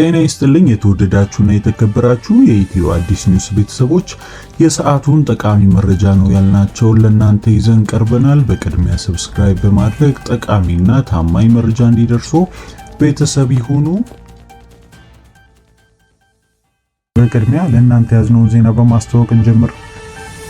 ጤና ይስጥልኝ የተወደዳችሁና የተከበራችሁ የኢትዮ አዲስ ኒውስ ቤተሰቦች፣ የሰዓቱን ጠቃሚ መረጃ ነው ያልናቸውን ለእናንተ ይዘን ቀርበናል። በቅድሚያ ሰብስክራይብ በማድረግ ጠቃሚና ታማኝ መረጃ እንዲደርሶ ቤተሰብ ይሁኑ። በቅድሚያ ለእናንተ ያዝነውን ዜና በማስተዋወቅ እንጀምር።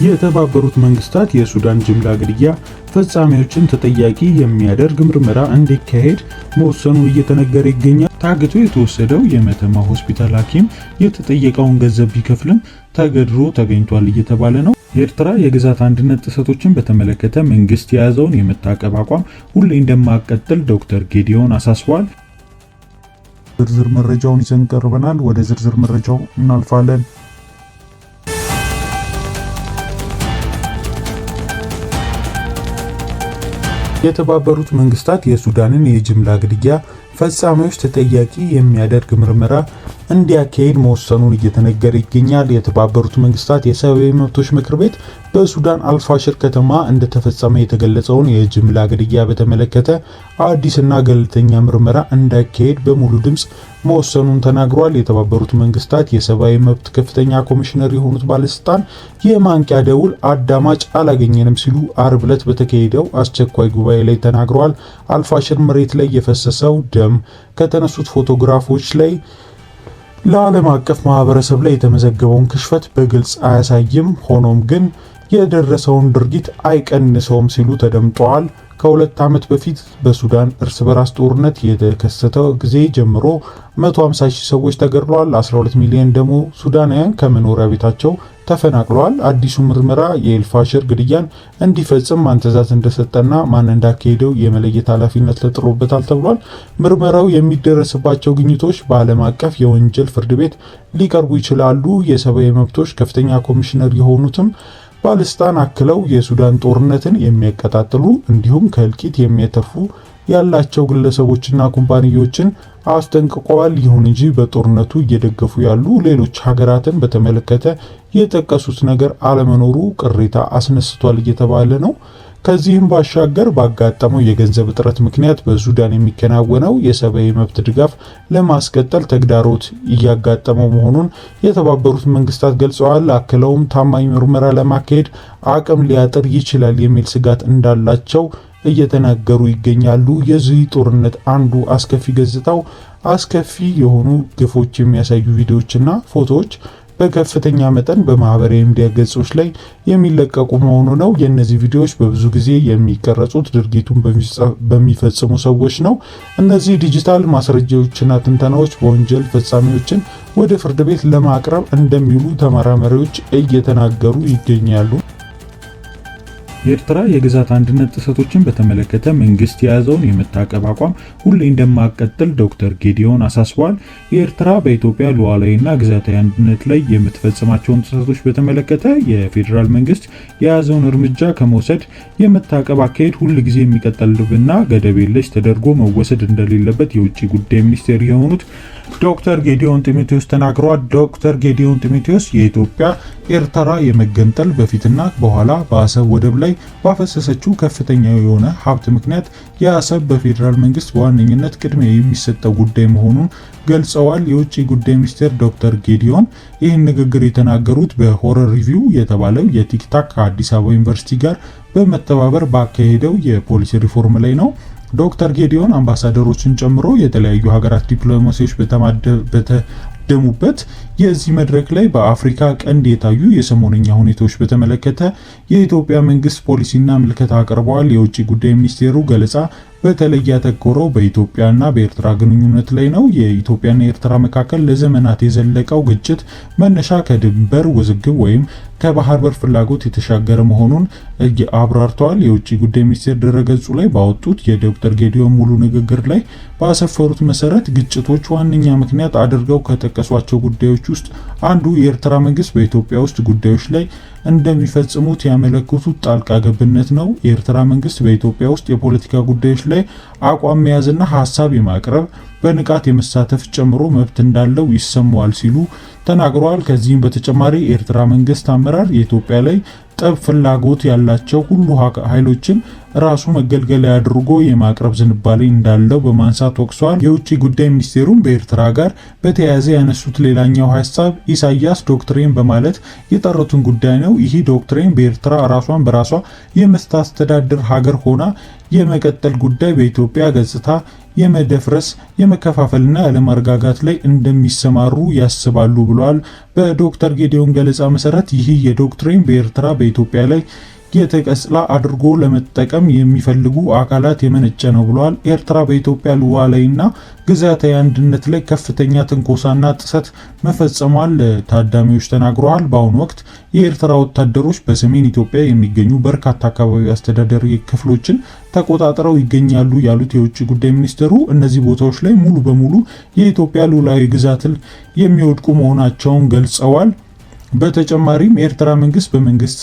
የተባበሩት መንግስታት የሱዳን ጅምላ ግድያ ፈጻሚዎችን ተጠያቂ የሚያደርግ ምርመራ እንዲካሄድ መወሰኑን እየተነገረ ይገኛል። ታግቶ የተወሰደው የመተማ ሆስፒታል ሐኪም የተጠየቀውን ገንዘብ ቢከፍልም ተገድሮ ተገኝቷል እየተባለ ነው። የኤርትራ የግዛት አንድነት ጥሰቶችን በተመለከተ መንግስት የያዘውን የመታቀብ አቋም ሁሌ እንደማቀጥል ዶክተር ጌዲዮን አሳስቧል። ዝርዝር መረጃውን ይዘን ቀርበናል። ወደ ዝርዝር መረጃው እናልፋለን። የተባበሩት መንግስታት የሱዳንን የጅምላ ግድያ ፈጻሚዎች ተጠያቂ የሚያደርግ ምርመራ እንዲያካሄድ መወሰኑን እየተነገረ ይገኛል። የተባበሩት መንግስታት የሰብአዊ መብቶች ምክር ቤት በሱዳን አልፋሽር ከተማ እንደተፈጸመ የተገለጸውን የጅምላ ግድያ በተመለከተ አዲስና ገለልተኛ ምርመራ እንዳይካሄድ በሙሉ ድምፅ መወሰኑን ተናግሯል። የተባበሩት መንግስታት የሰብአዊ መብት ከፍተኛ ኮሚሽነር የሆኑት ባለስልጣን የማንቂያ ደውል አዳማጭ አላገኘንም ሲሉ አርብ ዕለት በተካሄደው አስቸኳይ ጉባኤ ላይ ተናግረዋል። አልፋሽር መሬት ላይ የፈሰሰው ደም ከተነሱት ፎቶግራፎች ላይ ለዓለም አቀፍ ማህበረሰብ ላይ የተመዘገበውን ክሽፈት በግልጽ አያሳይም፣ ሆኖም ግን የደረሰውን ድርጊት አይቀንሰውም ሲሉ ተደምጠዋል። ከሁለት ዓመት በፊት በሱዳን እርስ በራስ ጦርነት የተከሰተው ጊዜ ጀምሮ 150 ሺህ ሰዎች ተገድለዋል። 12 ሚሊዮን ደግሞ ሱዳናውያን ከመኖሪያ ቤታቸው ተፈናቅለዋል። አዲሱ ምርመራ የኤልፋሽር ግድያን እንዲፈጽም ማን ትዕዛዝ እንደሰጠና ማን እንዳካሄደው የመለየት ኃላፊነት ተጥሎበታል ተብሏል። ምርመራው የሚደረስባቸው ግኝቶች በዓለም አቀፍ የወንጀል ፍርድ ቤት ሊቀርቡ ይችላሉ። የሰብአዊ መብቶች ከፍተኛ ኮሚሽነር የሆኑትም ፓለስታን አክለው የሱዳን ጦርነትን የሚያቀጣጥሉ እንዲሁም ከእልቂት የሚያተፉ ያላቸው ግለሰቦችና ኩምፓኒዎችን አስጠንቅቀዋል። ይሁን እንጂ በጦርነቱ እየደገፉ ያሉ ሌሎች ሀገራትን በተመለከተ የጠቀሱት ነገር አለመኖሩ ቅሬታ አስነስቷል እየተባለ ነው። ከዚህም ባሻገር ባጋጠመው የገንዘብ እጥረት ምክንያት በሱዳን የሚከናወነው የሰብአዊ መብት ድጋፍ ለማስቀጠል ተግዳሮት እያጋጠመው መሆኑን የተባበሩት መንግስታት ገልጸዋል። አክለውም ታማኝ ምርመራ ለማካሄድ አቅም ሊያጥር ይችላል የሚል ስጋት እንዳላቸው እየተናገሩ ይገኛሉ። የዚህ ጦርነት አንዱ አስከፊ ገጽታው አስከፊ የሆኑ ግፎች የሚያሳዩ ቪዲዮዎችና ፎቶዎች በከፍተኛ መጠን በማህበራዊ ሚዲያ ገጾች ላይ የሚለቀቁ መሆኑ ነው። የእነዚህ ቪዲዮዎች በብዙ ጊዜ የሚቀረጹት ድርጊቱን በሚፈጽሙ ሰዎች ነው። እነዚህ ዲጂታል ማስረጃዎችና ትንተናዎች በወንጀል ፈጻሚዎችን ወደ ፍርድ ቤት ለማቅረብ እንደሚውሉ ተመራማሪዎች እየተናገሩ ይገኛሉ። የኤርትራ የግዛት አንድነት ጥሰቶችን በተመለከተ መንግስት የያዘውን የመታቀብ አቋም ሁሌ እንደማቀጥል ዶክተር ጌዲዮን አሳስቧል። የኤርትራ በኢትዮጵያ ሉዓላዊና ግዛታዊ አንድነት ላይ የምትፈጽማቸውን ጥሰቶች በተመለከተ የፌዴራል መንግስት የያዘውን እርምጃ ከመውሰድ የመታቀብ አካሄድ ሁል ጊዜ የሚቀጥልብና ገደብ የለሽ ተደርጎ መወሰድ እንደሌለበት የውጭ ጉዳይ ሚኒስቴር የሆኑት ዶክተር ጌዲዮን ጢሞቴዎስ ተናግረዋል። ዶክተር ጌዲዮን ጢሞቴዎስ የኢትዮጵያ ኤርትራ የመገንጠል በፊትና በኋላ በአሰብ ወደብ ላይ ላይ ባፈሰሰችው ከፍተኛ የሆነ ሀብት ምክንያት የአሰብ በፌዴራል መንግስት በዋነኝነት ቅድሚያ የሚሰጠው ጉዳይ መሆኑን ገልጸዋል። የውጭ ጉዳይ ሚኒስቴር ዶክተር ጌዲዮን ይህን ንግግር የተናገሩት በሆረር ሪቪው የተባለው የቲክታክ ከአዲስ አበባ ዩኒቨርሲቲ ጋር በመተባበር ባካሄደው የፖሊሲ ሪፎርም ላይ ነው። ዶክተር ጌዲዮን አምባሳደሮችን ጨምሮ የተለያዩ ሀገራት ዲፕሎማሲዎች በተደሙበት የዚህ መድረክ ላይ በአፍሪካ ቀንድ የታዩ የሰሞነኛ ሁኔታዎች በተመለከተ የኢትዮጵያ መንግስት ፖሊሲና ምልከታ አቅርበዋል። የውጭ ጉዳይ ሚኒስቴሩ ገለጻ በተለይ ያተኮረው በኢትዮጵያና በኤርትራ ግንኙነት ላይ ነው። የኢትዮጵያና ኤርትራ መካከል ለዘመናት የዘለቀው ግጭት መነሻ ከድንበር ውዝግብ ወይም ከባህር በር ፍላጎት የተሻገረ መሆኑን አብራርተዋል። የውጭ ጉዳይ ሚኒስቴር ድረገጹ ላይ ባወጡት የዶክተር ጌዲዮን ሙሉ ንግግር ላይ ባሰፈሩት መሰረት ግጭቶች ዋነኛ ምክንያት አድርገው ከጠቀሷቸው ጉዳዮች ውስጥ አንዱ የኤርትራ መንግስት በኢትዮጵያ ውስጥ ጉዳዮች ላይ እንደሚፈጽሙት ያመለክቱት ጣልቃ ገብነት ነው። የኤርትራ መንግስት በኢትዮጵያ ውስጥ የፖለቲካ ጉዳዮች ላይ አቋም መያዝና ሀሳብ የማቅረብ በንቃት የመሳተፍ ጨምሮ መብት እንዳለው ይሰማዋል ሲሉ ተናግረዋል። ከዚህም በተጨማሪ የኤርትራ መንግስት አመራር የኢትዮጵያ ላይ ጠብ ፍላጎት ያላቸው ሁሉ ኃይሎችን ራሱ መገልገያ አድርጎ የማቅረብ ዝንባሌ እንዳለው በማንሳት ወቅሷል። የውጭ ጉዳይ ሚኒስቴሩም በኤርትራ ጋር በተያያዘ ያነሱት ሌላኛው ሀሳብ ኢሳያስ ዶክትሬን በማለት የጠሩትን ጉዳይ ነው። ይህ ዶክትሬን በኤርትራ ራሷን በራሷ የምታስተዳድር ሀገር ሆና የመቀጠል ጉዳይ በኢትዮጵያ ገጽታ የመደፍረስ የመከፋፈልና ያለማረጋጋት ላይ እንደሚሰማሩ ያስባሉ ብለዋል። በዶክተር ጌዲዮን ገለጻ መሰረት ይህ የዶክትሪን በኤርትራ በኢትዮጵያ ላይ የተቀጽላ አድርጎ ለመጠቀም የሚፈልጉ አካላት የመነጨ ነው ብለዋል። ኤርትራ በኢትዮጵያ ሉዓላዊና ግዛታዊ አንድነት ላይ ከፍተኛ ትንኮሳና ጥሰት መፈጸሟል ታዳሚዎች ተናግረዋል። በአሁኑ ወቅት የኤርትራ ወታደሮች በሰሜን ኢትዮጵያ የሚገኙ በርካታ አካባቢ አስተዳደር ክፍሎችን ተቆጣጥረው ይገኛሉ ያሉት የውጭ ጉዳይ ሚኒስትሩ እነዚህ ቦታዎች ላይ ሙሉ በሙሉ የኢትዮጵያ ሉዓላዊ ግዛትን የሚወድቁ መሆናቸውን ገልጸዋል። በተጨማሪም የኤርትራ መንግስት በመንግስት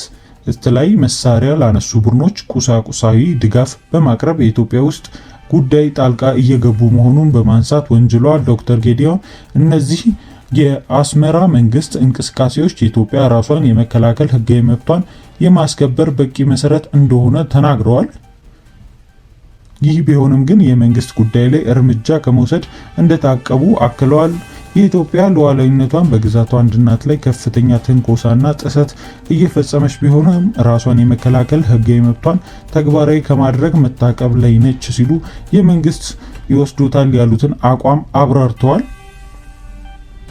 የተለያዩ መሳሪያ ላነሱ ቡድኖች ቁሳቁሳዊ ድጋፍ በማቅረብ የኢትዮጵያ ውስጥ ጉዳይ ጣልቃ እየገቡ መሆኑን በማንሳት ወንጅለዋል። ዶክተር ጌዲዮን እነዚህ የአስመራ መንግስት እንቅስቃሴዎች ኢትዮጵያ ራሷን የመከላከል ህጋዊ መብቷን የማስከበር በቂ መሰረት እንደሆነ ተናግረዋል። ይህ ቢሆንም ግን የመንግስት ጉዳይ ላይ እርምጃ ከመውሰድ እንደታቀቡ አክለዋል። የኢትዮጵያ ሉዓላዊነቷን በግዛቷ አንድነት ላይ ከፍተኛ ትንኮሳና ጥሰት እየፈጸመች ቢሆንም ራሷን የመከላከል ህጋዊ መብቷን ተግባራዊ ከማድረግ መታቀብ ላይ ነች ሲሉ የመንግስት ይወስዱታል ያሉትን አቋም አብራርተዋል።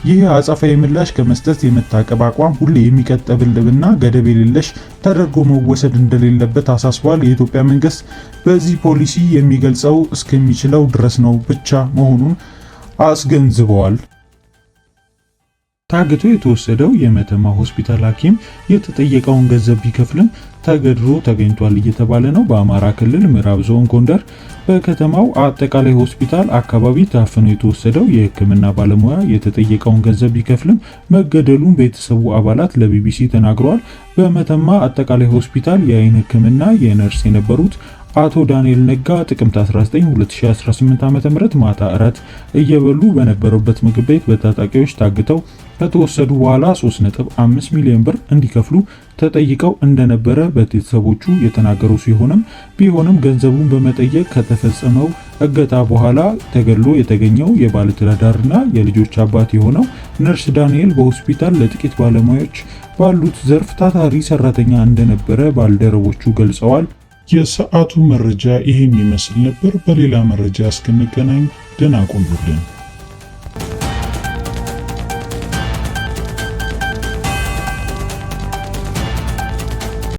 ይህ አጸፋዊ ምላሽ ከመስጠት የመታቀብ አቋም ሁሌ የሚቀጥልብና ገደብ የሌለሽ ተደርጎ መወሰድ እንደሌለበት አሳስቧል። የኢትዮጵያ መንግስት በዚህ ፖሊሲ የሚገልጸው እስከሚችለው ድረስ ነው ብቻ መሆኑን አስገንዝበዋል። ታግቶ የተወሰደው የመተማ ሆስፒታል ሐኪም የተጠየቀውን ገንዘብ ቢከፍልም ተገድሮ ተገኝቷል እየተባለ ነው። በአማራ ክልል ምዕራብ ዞን ጎንደር በከተማው አጠቃላይ ሆስፒታል አካባቢ ታፍኖ የተወሰደው የሕክምና ባለሙያ የተጠየቀውን ገንዘብ ቢከፍልም መገደሉን ቤተሰቡ አባላት ለቢቢሲ ተናግረዋል። በመተማ አጠቃላይ ሆስፒታል የአይን ሕክምና የነርስ የነበሩት አቶ ዳንኤል ነጋ ጥቅምት 19 2018 ዓ.ም ማታ እራት እየበሉ በነበረበት ምግብ ቤት በታጣቂዎች ታግተው ከተወሰዱ በኋላ 3.5 ሚሊዮን ብር እንዲከፍሉ ተጠይቀው እንደነበረ ቤተሰቦቹ የተናገሩ ሲሆንም ቢሆንም ገንዘቡን በመጠየቅ ከተፈጸመው እገታ በኋላ ተገሎ የተገኘው የባለትዳርና የልጆች አባት የሆነው ነርስ ዳንኤል በሆስፒታል ለጥቂት ባለሙያዎች ባሉት ዘርፍ ታታሪ ሰራተኛ እንደነበረ ባልደረቦቹ ገልጸዋል። የሰዓቱ መረጃ ይህን ይመስል ነበር። በሌላ መረጃ እስክንገናኝ ደህና ቆዩልን።